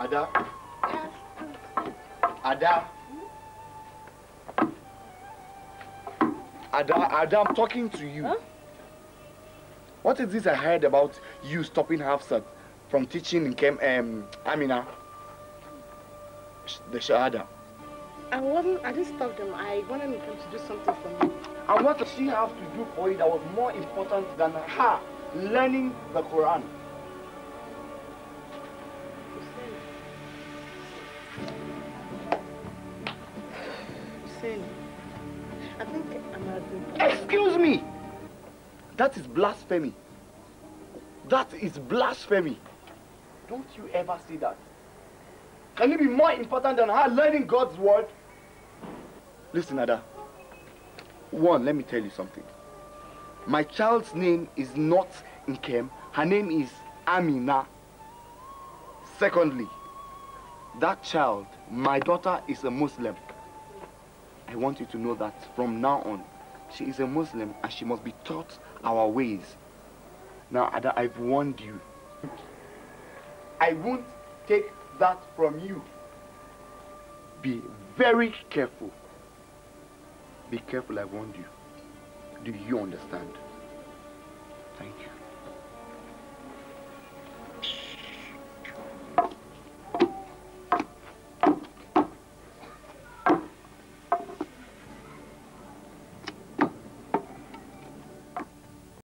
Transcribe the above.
Ada? Ada? Ada, Ada, I'm talking to you. Huh? What is this I heard about you stopping Hafsat from teaching in Kem, um, Amina? The Shahada. I wasn't, I didn't stop them. I wanted them to do something for me. And what does she have to do for you that was more important than her learning the Quran? I think I'm Excuse me! That is blasphemy. That is blasphemy. Don't you ever see that? Can it be more important than her learning God's word? Listen, Ada. One, let me tell you something. My child's name is not Nkem. Her name is Amina. Secondly, that child, my daughter, is a Muslim. I want you to know that from now on, she is a Muslim and she must be taught our ways. Now, Ada, I've warned you. I won't take that from you. Be very careful. Be careful, I warned you. Do you understand? Thank you.